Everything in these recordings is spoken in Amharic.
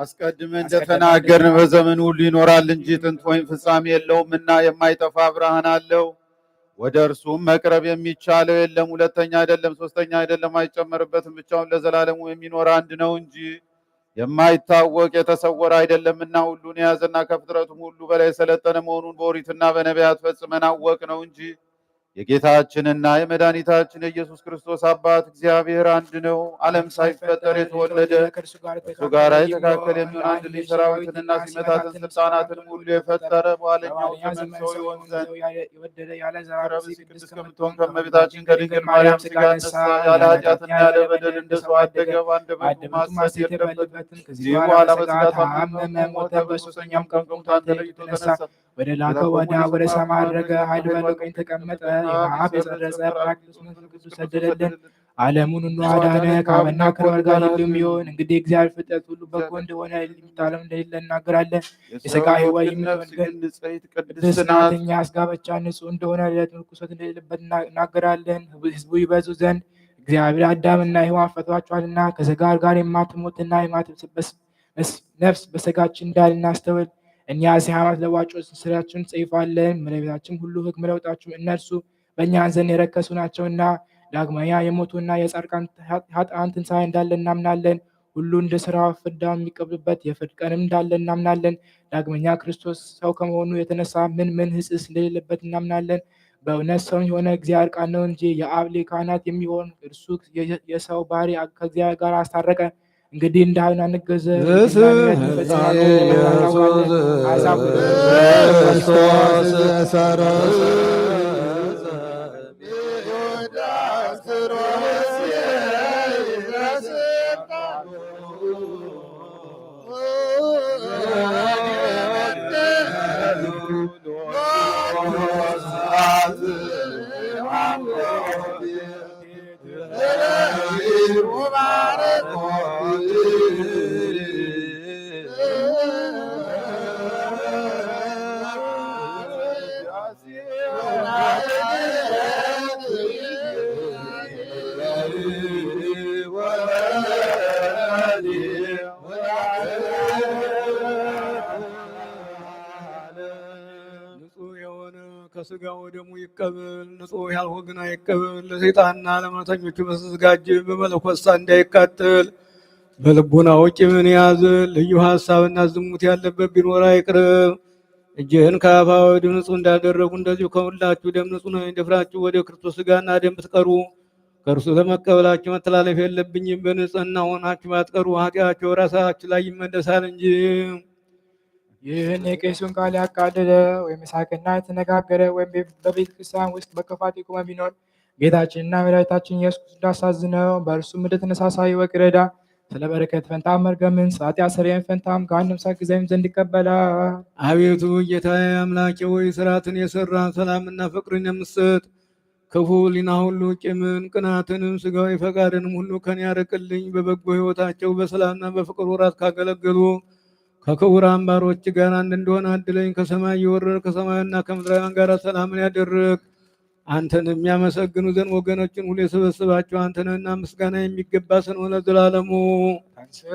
አስቀድመን እንደተናገርን በዘመን ሁሉ ይኖራል እንጂ ጥንት ወይም ፍጻሜ እና የማይጠፋ ብርሃን አለው። ወደ እርሱም መቅረብ የሚቻለው የለም፣ ሁለተኛ አይደለም፣ ሶስተኛ አይደለም፣ አይጨመርበትም። ብቻውን ለዘላለሙ የሚኖር አንድ ነው እንጂ የማይታወቅ የተሰወረ አይደለምና ሁሉን የያዘና ከፍጥረቱም ሁሉ በላይ የሰለጠነ መሆኑን በኦሪትና በነቢያት ፈጽመን አወቅ ነው እንጂ የጌታችንና የመድኃኒታችን የኢየሱስ ክርስቶስ አባት እግዚአብሔር አንድ ነው። ዓለም ሳይፈጠር የተወለደ ከእርሱ ጋር የተካከል የሚሆን አንድ ልጅ ሰራዊትንና ሲመታትን ስልጣናትን ሁሉ የፈጠረ በኋለኛው ዘመን ሰው ይሆን ዘንድ ቅድስት ከምትሆን ከመቤታችን ከድንግል ማርያም ሥጋ ነሳ ያለ ኃጢአትና ያለ በደል እንደ ሰው አደገ። በአንድ አንደበቱ ማሰት የለበትን ከዚህ በኋላ በሥጋ ታመመ፣ ሞተ። በሦስተኛውም ቀን ከሙታን ተለይቶ ተነሳ። ወደ ላከው ወደ ሰማይ ዐረገ። ኃይል በለው ተቀመጠ የመዓፍ የጸረጸ ጳራቅሊጦስ መንፈስ ቅዱስ ሰደደልን። ዓለሙን ሁሉ አዳነ። ከአብና ከወልድ ጋር ሁሉም ይሁን። እንግዲህ እግዚአብሔር ፍጥረት ሁሉ በጎ እንደሆነ የሚታለም እንደሌለ እናገራለን። የሥጋ ሕይወት የምትሆን ቅድስት ናት። እኛ እንደሆነ ሌት ርኩሰት እንደሌለበት እናገራለን። ሕዝቡ ይበዙ ዘንድ እግዚአብሔር አዳምና ሔዋንን ፈጥሯቸዋልና ከሥጋ ጋር የማትሞትና የማትበሰብስ ነፍስ በሥጋችን እንዳልናስተውል እኛ ዚህ ዓመት ስራችን ጽይፋለን። መለቤታችን ሁሉ ሕግ መለውጣችሁ እነርሱ በእኛ ዘንድ የረከሱ ናቸውና ዳግመኛ የሞቱና የጻድቃን ኃጥአን ትንሣኤ እንዳለ እናምናለን። ሁሉ እንደ ስራ ፍዳ የሚቀብሉበት የፍርድ ቀንም እንዳለ እናምናለን። ዳግመኛ ክርስቶስ ሰው ከመሆኑ የተነሳ ምን ምን ሕጽስ ስለሌለበት እናምናለን። በእውነት ሰው የሆነ እግዚአብሔር ቃል ነው እንጂ የአብ ሊቀ ካህናት የሚሆን እርሱ የሰው ባህሪ ከእግዚአብሔር ጋር አስታረቀ። እንግዲህ እንደ ዓይን አንገዘ Uhum. ደግሞ ይቀበል፣ ንጹሕ ያልሆግና ይቀበል። ለሰይጣንና ለመተኞቹ በተዘጋጀ በመለኮሳ እንዳይቃጠል ውጭ ምን ያዝን። ልዩ ሀሳብና ዝሙት ያለበት ቢኖር አይቅረብ። እጅህን ከአፋዊ ወደ እንዳደረጉ እንደዚሁ ከሁላችሁ ደም ንጹሕ ነው። ደፍራችሁ ወደ ክርስቶስ ሥጋና ደም ብትቀሩ ከእርሱ ለመቀበላችሁ መተላለፍ የለብኝም። በንጽህና ሆናችሁ ባትቀሩ ኃጢአቸው ራሳችሁ ላይ ይመለሳል እንጂ ይህን የቄሱን ቃል ያቃለለ ወይም ሳቅና የተነጋገረ ወይም በቤተ ክርስቲያን ውስጥ በክፋት የቆመ ቢኖር ጌታችንና መድኃኒታችን ኢየሱስ ክርስቶስ እንዳሳዝነው በእርሱም እንደተነሳሳ ይወቅ ረዳ ስለ በረከት ፈንታም መርገምን ኃጢአት ሥርየት ፈንታም ከአንድም ሰዓት ጊዜም ዘንድ ይቀበላል። አቤቱ ጌታ አምላኬ ወይ ስርዓትን የሰራ ሰላምና ፍቅርን የምሰጥ ክፉ ሊና ሁሉ ቂምን፣ ቅናትንም፣ ስጋዊ ፈቃድንም ሁሉ ከን ያርቅልኝ። በበጎ ህይወታቸው በሰላምና በፍቅር ወራት ካገለገሉ ከክቡር አምባሮች ጋር አንድ እንደሆነ አድለኝ። ከሰማይ የወረድ ከሰማያዊና ከምድራውያን ጋር ሰላምን ያደረግ አንተን የሚያመሰግኑ ዘንድ ወገኖችን ሁሉ የሰበስባቸው አንተነና ምስጋና የሚገባ ስንሆነ ዘላለሙ። ታንስም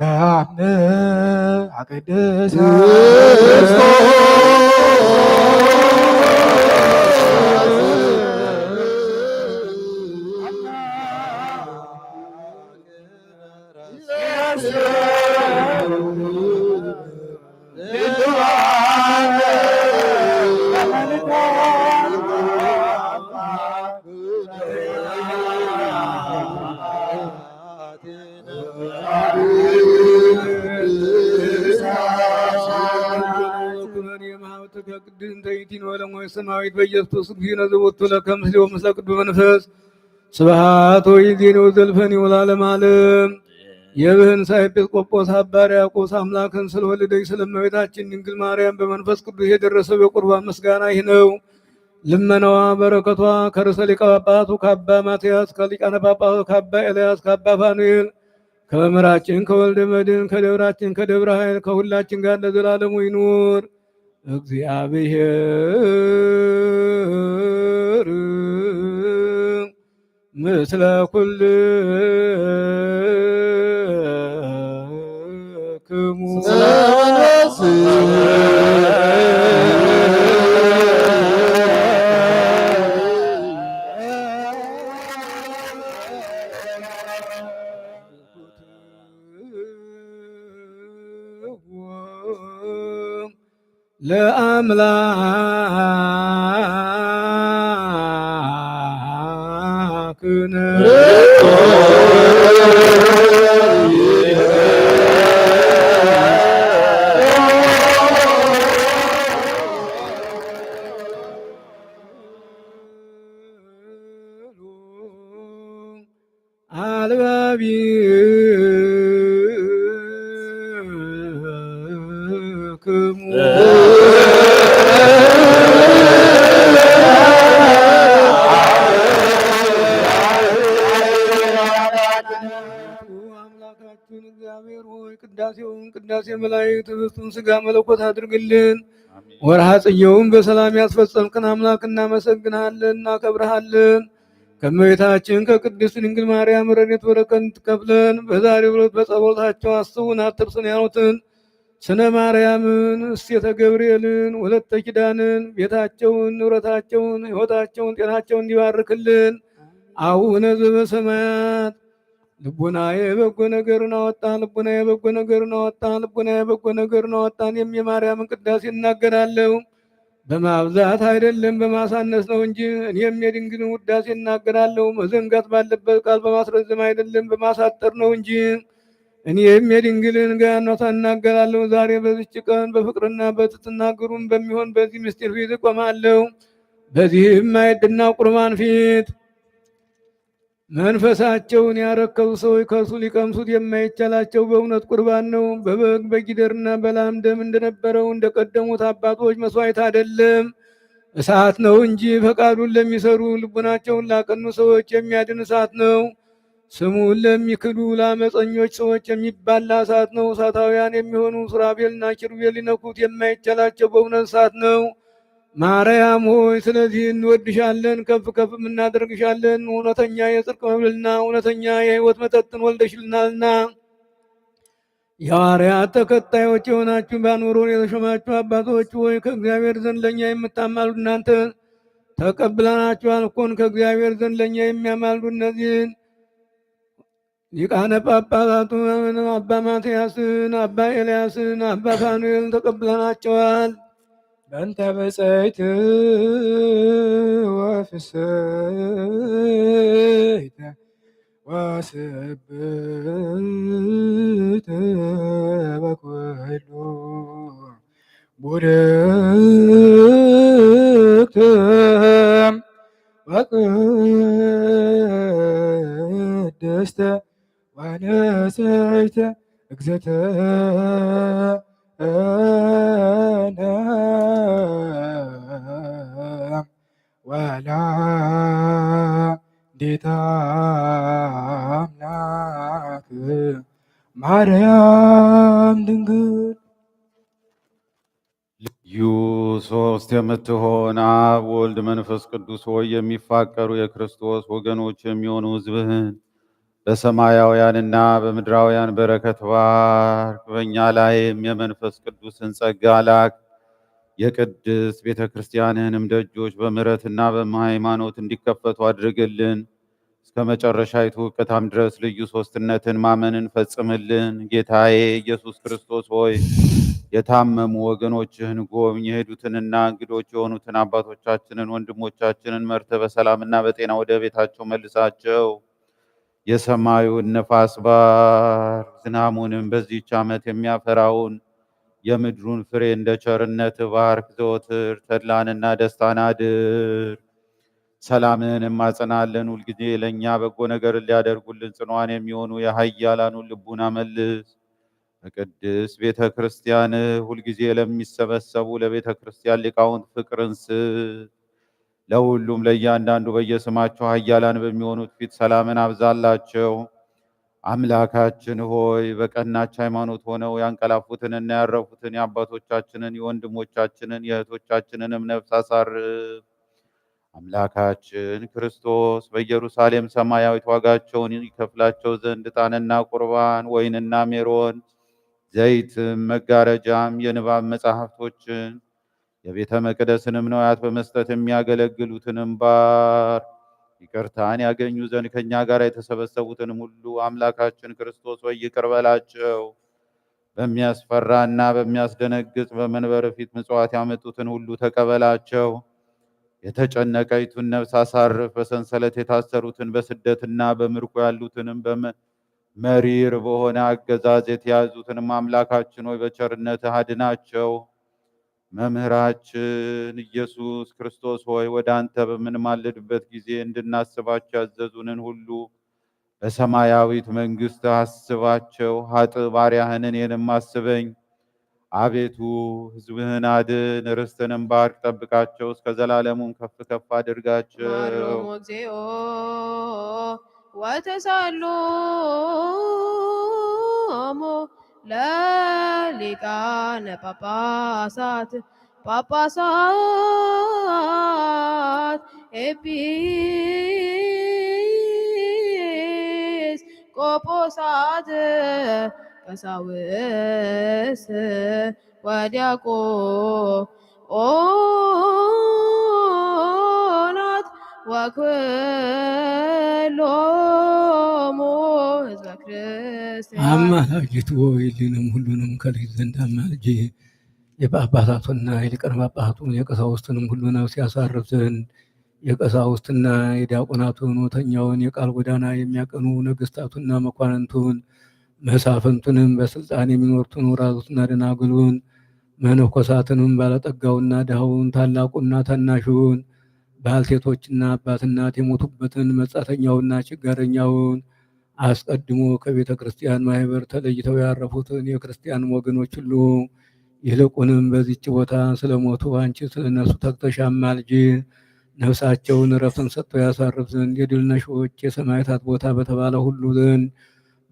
በአብ አቅድሰ በሰማያዊት በኢየሱስ እግዚእነ ዘወቱ ለከ ምስሌ ወምስለ ቅዱስ መንፈስ ስብሐት ወይዜኔው ዘልፈን ይውላለም ዓለም የብህንሳ ኤጲስቆጶስ አባ ሕርያቆስ አምላክን ስለወለደች ስለእመቤታችን ድንግል ማርያም በመንፈስ ቅዱስ የደረሰው የቁርባን ምስጋና ይህ ነው። ልመናዋ በረከቷ ከርዕሰ ሊቀ ጳጳሳቱ ከአባ ማትያስ ከሊቃነ ጳጳሳቱ ከአባ ኤልያስ ከአባ ፋኑኤል ከመምህራችን ከወልደ መድኅን ከደብራችን ከደብረ ኃይል ከሁላችን ጋር ለዘላለሙ ይኑር። እግዚአብሔር ምስለ ኩል ክሙ ኩልክሙ ለአምላክነ አልበቢ የመላእክት ህብስቱን ስጋ መለኮት አድርግልን። ወርሃ ጽጌውን በሰላም ያስፈጸምክን አምላክ እናመሰግንሃለን፣ እናከብረሃለን። ከመቤታችን ከቅድስት ድንግል ማርያም ረድኤት በረከት እንድትከፍለን በዛሬው ዕለት በጸሎታቸው አስቡን፣ አትርሱን ያሉትን ስነ ማርያምን፣ እሴተ ገብርኤልን፣ ወለተ ኪዳንን ቤታቸውን፣ ንብረታቸውን፣ ህይወታቸውን ጤናቸውን እንዲባርክልን አቡነ ዘበሰማያት ልቡናዬ በጎ ነገርን አወጣ፣ ልቡናዬ በጎ ነገርን አወጣ፣ ልቡናዬ በጎ ነገርን አወጣን። የማርያምን ቅዳሴ እናገራለሁ። በማብዛት አይደለም በማሳነስ ነው እንጂ። እኔም የድንግልን ውዳሴ እናገራለሁ። መዘንጋት ባለበት ቃል በማስረዘም አይደለም በማሳጠር ነው እንጂ። እኔም የድንግልን ገናኗታ እናገራለሁ። ዛሬ በዚች ቀን በፍቅርና በትትና ግሩም በሚሆን በዚህ ምስጢር ፊት እቆማለሁ። በዚህም አይድና ቁርባን ፊት መንፈሳቸውን ያረከቡ ሰዎች ከእርሱ ሊቀምሱት የማይቻላቸው በእውነት ቁርባን ነው። በበግ በጊደርና በላም ደም እንደነበረው እንደቀደሙት አባቶች መስዋዕት አይደለም፣ እሳት ነው እንጂ ፈቃዱን ለሚሰሩ ልቡናቸውን ላቀኑ ሰዎች የሚያድን እሳት ነው። ስሙን ለሚክዱ ለአመፀኞች ሰዎች የሚባላ እሳት ነው። እሳታውያን የሚሆኑ ሱራቤልና ኪሩቤል ሊነኩት የማይቻላቸው በእውነት እሳት ነው። ማርያም ሆይ ስለዚህ እንወድሻለን፣ ከፍ ከፍም እናደርግሻለን። እውነተኛ የጽድቅ መብልና እውነተኛ የሕይወት መጠጥን ወልደሽልናልና የዋርያ ተከታዮች የሆናችሁ ባኖሮን የተሾማችሁ አባቶች ሆይ ከእግዚአብሔር ዘንድ ለእኛ የምታማሉ እናንተ ተቀብለናችኋል እኮን ከእግዚአብሔር ዘንድ ለእኛ የሚያማሉ እነዚህን ሊቃነ ጳጳሳቱን አባ ማትያስን፣ አባ ኤልያስን፣ አባ ፋኑኤልን ተቀብለናቸዋል። በእንተ ብፅዕት ወፍስሕት ወስብሕት በኩሉ ቡድቅት ወቅድስት ወንጽሕት እግዝእትየ ጌታ አምላክ ማርያም ድንግል ልዩ ሶስት የምትሆን አብ ወልድ መንፈስ ቅዱስ ሆይ የሚፋቀሩ የክርስቶስ ወገኖች የሚሆኑ ሕዝብህን በሰማያውያንና በምድራውያን በረከት ባርክ። በእኛ ላይም የመንፈስ ቅዱስን ጸጋ ላክ የቅድስት ቤተ ክርስቲያንህንም ደጆች በምሕረትና በሃይማኖት እንዲከፈቱ አድርግልን። እስከ መጨረሻይቱ ቅታም ድረስ ልዩ ሶስትነትን ማመንን ፈጽምልን። ጌታዬ ኢየሱስ ክርስቶስ ሆይ የታመሙ ወገኖችህን ጎብኝ። የሄዱትንና እንግዶች የሆኑትን አባቶቻችንን ወንድሞቻችንን መርተ በሰላምና በጤና ወደ ቤታቸው መልሳቸው። የሰማዩን ነፋስ ባር ዝናሙንም በዚህች ዓመት የሚያፈራውን የምድሩን ፍሬ እንደ ቸርነት ባርክ። ዘወትር ተድላንና ደስታን አድር። ሰላምን እማጸናለን። ሁልጊዜ ለእኛ በጎ ነገር ሊያደርጉልን ጽንዋን የሚሆኑ የኃያላኑን ልቡና መልስ። በቅድስት ቤተ ክርስቲያን ሁልጊዜ ለሚሰበሰቡ ለቤተ ክርስቲያን ሊቃውንት ፍቅርን ስጥ። ለሁሉም ለእያንዳንዱ በየስማቸው ሀያላን በሚሆኑት ፊት ሰላምን አብዛላቸው። አምላካችን ሆይ በቀናች ሃይማኖት ሆነው ያንቀላፉትንና እና ያረፉትን የአባቶቻችንን የወንድሞቻችንን የእህቶቻችንንም ነፍስ አሳርፍ። አምላካችን ክርስቶስ በኢየሩሳሌም ሰማያዊት ዋጋቸውን ይከፍላቸው ዘንድ ዕጣንና ቁርባን፣ ወይንና ሜሮን፣ ዘይትም፣ መጋረጃም፣ የንባብ መጽሐፍቶችን የቤተ መቅደስንም ነውያት በመስጠት የሚያገለግሉትንም ባር ይቅርታን ያገኙ ዘንድ ከእኛ ጋር የተሰበሰቡትን ሁሉ አምላካችን ክርስቶስ ወይ ይቅር በላቸው። በሚያስፈራና በሚያስደነግጥ በመንበር ፊት ምጽዋት ያመጡትን ሁሉ ተቀበላቸው። የተጨነቀይቱን ነፍስ አሳርፍ። በሰንሰለት የታሰሩትን በስደትና በምርኮ ያሉትንም በመሪር በሆነ አገዛዝ የተያዙትንም አምላካችን ሆይ በቸርነትህ አድናቸው። መምህራችን ኢየሱስ ክርስቶስ ሆይ ወደ አንተ በምንማልድበት ጊዜ እንድናስባቸው ያዘዙንን ሁሉ በሰማያዊት መንግሥት አስባቸው። ሀጥ ባሪያህን እኔንም አስበኝ። አቤቱ ሕዝብህን አድን፣ ርስትንም ባርክ፣ ጠብቃቸው፣ እስከ ዘላለሙም ከፍ ከፍ አድርጋቸው። እግዚኦ ሊቃነ ጳጳሳት ጳጳሳት ኤጲስ ቆጶሳት ቀሳውስት ወዲያቆናት ወክሎሙ ህዝበ ክርስ አማላጅት ወይ ልንም ሁሉንም ከልጅ ዘንድ አማልጅ የጳጳሳቱና የሊቃነ ጳጳሳቱን የቀሳውስትንም ሁሉን ሲያሳርፍ ዘንድ የቀሳውስትና የዲያቆናቱን ወተኛውን የቃል ጎዳና የሚያቀኑ ነገስታቱና መኳንንቱን መሳፍንቱንም በስልጣን የሚኖሩትን ወራዙትና ደናግሉን መነኮሳትንም ባለጠጋውና ድሃውን ታላቁና ታናሹን ባልቴቶችና አባትናት የሞቱበትን መጻተኛውና ችጋረኛውን አስቀድሞ ከቤተ ክርስቲያን ማህበር ተለይተው ያረፉትን የክርስቲያን ወገኖች ሁሉ ይልቁንም በዚች ቦታ ስለሞቱ አንቺ ስለነሱ ተግተሻማ ልጅ ነፍሳቸውን እረፍትን ሰጥቶ ያሳርፍ ዘንድ የድልነሾች የሰማይታት የሰማዕታት ቦታ በተባለ ሁሉ ዘንድ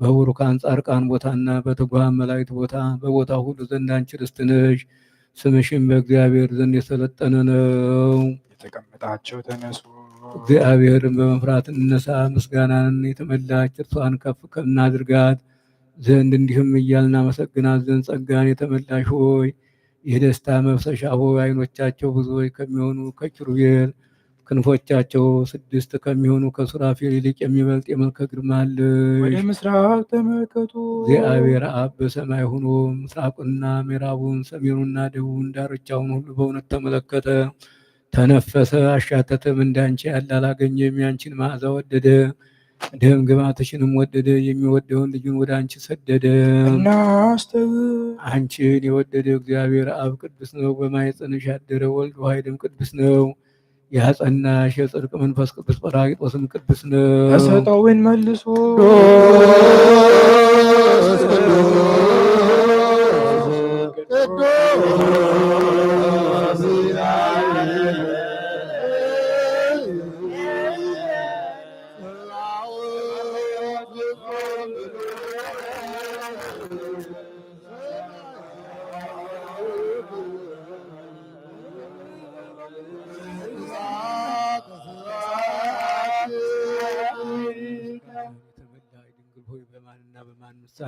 በቡሩካን ጻርቃን ቦታና በትጉሃን መላእክት ቦታ በቦታ ሁሉ ዘንድ አንቺ ርስት ነሽ። ስምሽም በእግዚአብሔር ዘንድ የሰለጠነ ነው። የተቀመጣቸው ተነሱ እግዚአብሔርን በመፍራት እነሳ ምስጋናን የተመላች እርሷን ከፍ ከናድርጋት ዘንድ እንዲህም እያልን እናመሰግናት ዘንድ ጸጋን የተመላሽ ሆይ የደስታ መብሰሻ ሆይ አይኖቻቸው ብዙዎች ከሚሆኑ ከኪሩቤል ክንፎቻቸው ስድስት ከሚሆኑ ከሱራፌል ይልቅ የሚበልጥ የመልከ ግርማ አለሽ። ወደ ምስራቅ ተመልከቱ። እግዚአብሔር አብ በሰማይ ሆኖ ምስራቁንና ምዕራቡን ሰሜኑና ደቡቡን ዳርቻውን ሁሉ በእውነት ተመለከተ። ተነፈሰ አሻተተም፣ እንዳንቺ ያለ አላገኘም። ያንቺን መዓዛ ወደደ፣ ደም ግባትሽንም ወደደ። የሚወደውን ልጁን ወደ አንቺ ሰደደ። አንቺን የወደደ እግዚአብሔር አብ ቅዱስ ነው። በማኅፀንሽ ያደረ ወልድ ዋሕድም ቅዱስ ነው። ያጸናሽ የጽድቅ መንፈስ ቅዱስ ጰራቅሊጦስም ቅዱስ ነው። ተሰጠውን መልሶ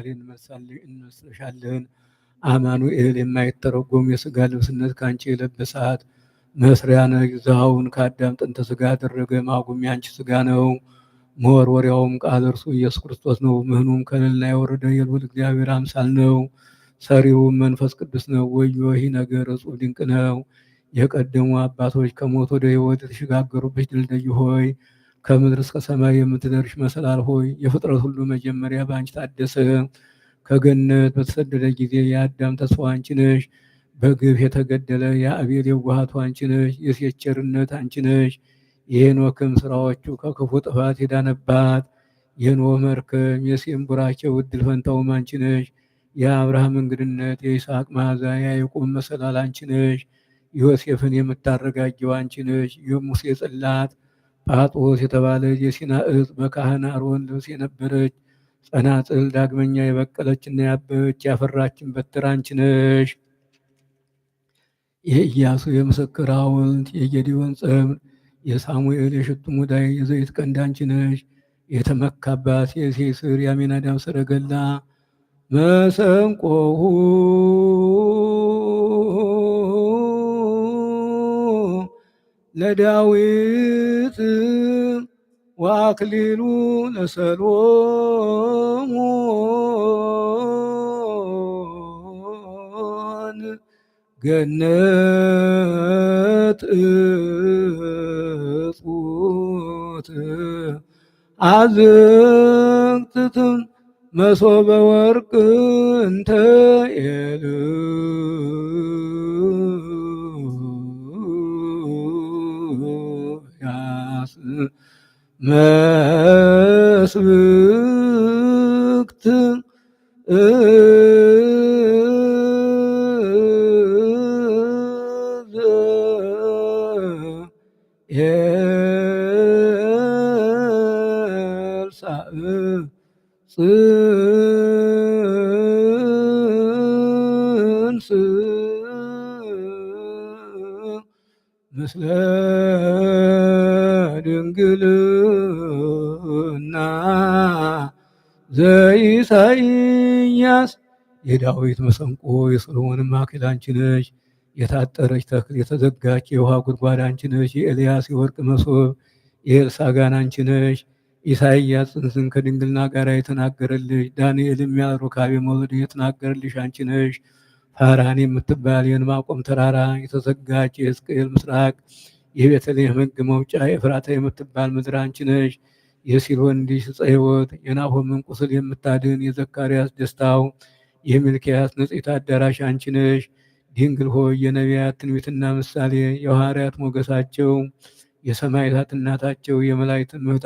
ፈጣሪ እንመስልሻለን። አማኑኤል የማይተረጎም የስጋ ልብስነት ከአንቺ የለበሳት መስሪያ ነሽ። ዛውን ከአዳም ጥንተ ስጋ አደረገ ማጉም የአንቺ ስጋ ነው። መወርወሪያውም ቃል እርሱ ኢየሱስ ክርስቶስ ነው። ምህኑም ከልልና የወረደ የልዑል እግዚአብሔር አምሳል ነው። ሰሪውም መንፈስ ቅዱስ ነው። ወዮ ይህ ነገር እጹብ ድንቅ ነው። የቀደሙ አባቶች ከሞት ወደ ህይወት የተሸጋገሩበት ድልድይ ሆይ ከምድር እስከ ሰማይ የምትደርሽ መሰላል ሆይ የፍጥረት ሁሉ መጀመሪያ በአንቺ ታደሰ። ከገነት በተሰደደ ጊዜ የአዳም ተስፋ አንቺ ነሽ። በግፍ የተገደለ የአቤል የዋሃቱ አንቺ ነሽ። የሴት ቸርነት አንቺ ነሽ። የሄኖክም ስራዎቹ ከክፉ ጥፋት የዳነባት የኖህ መርከም የሴም ቡራቸው እድል ፈንታውም አንቺ ነሽ። የአብርሃም እንግድነት የይስሐቅ መዓዛ የያዕቆብ መሰላል አንቺ ነሽ። ዮሴፍን የምታረጋጊው አንቺ ነሽ። የሙሴ ጽላት ጳጦስ የተባለች የሲና እጽ በካህን አሮን ልብስ የነበረች ጸናጽል ዳግመኛ የበቀለችና ያበበች ያፈራችን በትር አንቺ ነሽ። የኢያሱ የምስክር ሐውልት የጌዲዮን ጽምድ የሳሙኤል የሽቱ ሙዳይ የዘይት ቀንድ አንቺ ነሽ። የተመካባት የሴ ስር የአሜናዳብ ሰረገላ መሰንቆሁ ለዳዊት ወአክሊሉ ለሰሎሞን ገነት እጹት አዝቅትትም መሶበ ወርቅ እንተ መስብክት ምስለ የዳዊት መሰንቆ የሰሎሞን ማክል አንቺ ነሽ። የታጠረች ተክል የተዘጋች የውሃ ጉድጓድ አንቺ ነሽ። የኤልያስ የወርቅ መሶብ የኤልሳ ጋን አንቺ ነሽ። ኢሳይያስ ጽንስን ከድንግልና ጋር የተናገረልሽ፣ ዳንኤል የሩካቤ መውለድ የተናገረልሽ አንቺ ነሽ። ፋራን የምትባል የንማቆም ተራራ የተዘጋች የሕዝቅኤል ምስራቅ የቤተልሔም ሕግ መውጫ ኤፍራታ የምትባል ምድር አንቺ ነሽ። የሲሎን ዲሽ ዕፀ የናሆምን ቁስል የምታድን የዘካርያስ ደስታው የሚልኪያስ ንጽሕት አዳራሽ አንቺ ነሽ። ድንግል ሆይ የነቢያት ትንቢትና ምሳሌ፣ የሐዋርያት ሞገሳቸው፣ የሰማዕታት እናታቸው፣ የመላእክት